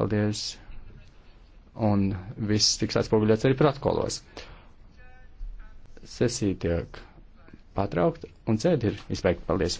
Paldies! Un viss tiks atspoguļots arī protokolos. Sesija tiek patraukt un sēdi ir izbeigta. Paldies!